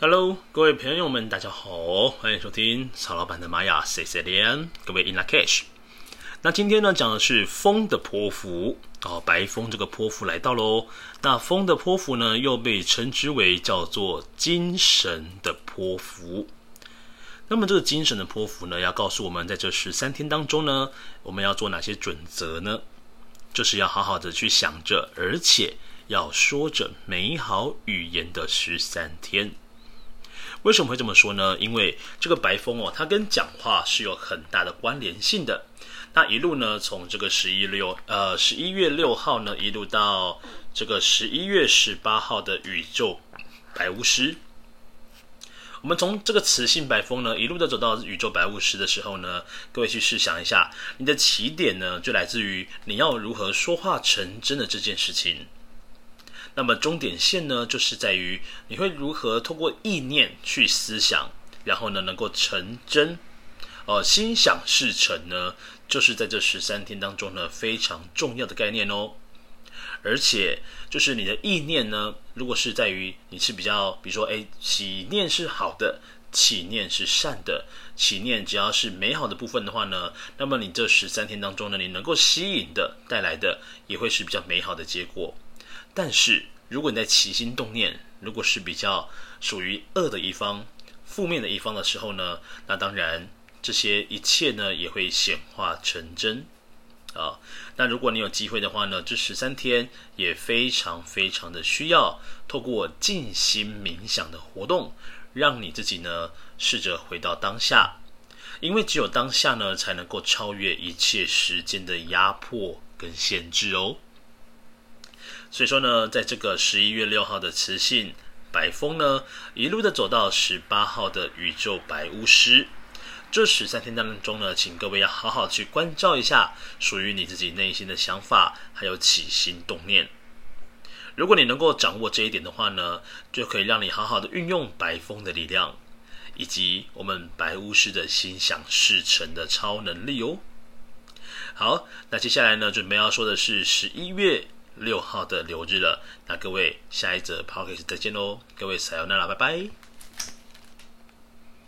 Hello，各位朋友們，大家好，歡迎收聽曹老板的瑪雅 CCL。各位 In Lak'ech。那今天呢，講的是風的波符哦，白風這個波符來到嘍。那風的波符呢，又被稱之為叫做精神的波符。那麼這個精神的波符呢，要告訴我們，在這十三天當中呢，我們要做哪些準則呢？就是要好好的去想着，而且要說着美好語言的十三天。為什麼會這麼說呢？因為這個白風哦，它跟講話是有很大的關聯性的。那一路呢，從這個十一六，呃，十一月六號呢，一路到這個十一月十八號的宇宙白巫師。我們從這個磁性白風呢，一路的走到宇宙白巫師的時候呢，各位去試想一下，你的起點呢，就來自於你要如何說話成真的這件事情。那麼重點線呢，就是在於你會如何通過意念去思想，然後呢能夠成真，呃心想事成呢，就是在這十三天當中呢非常重要的概念哦。而且就是你的意念呢，如果是在於你是比較，比如說哎起念是好的，起念是善的，起念只要是美好的部分的話呢，那麼你這十三天當中呢，你能夠吸引的帶來的也會是比較美好的結果。但是，如果你在起心動念，如果是比較屬於惡的一方、負面的一方的時候呢，那當然這些一切呢也會顯化成真啊。那如果你有機會的話呢，這十三天也非常非常的需要透過靜心冥想的活動，讓你自己呢試着回到當下，因為只有當下呢才能夠超越一切時間的壓迫跟限制哦。所以說呢，在這個十一月六號的磁性白風呢，一路的走到十八號的宇宙白巫師。這十三天當中呢，請各位要好好去關照一下屬於你自己內心的想法，還有起心動念。如果你能夠掌握這一點的話呢，就可以讓你好好的運用白風的力量，以及我們白巫師的心想事成的超能力哦。好，那接下來呢，準備要說的是十一月。六號的流日了，那各位下一則 podcast 再見嘍，各位莎喲娜啦，拜拜。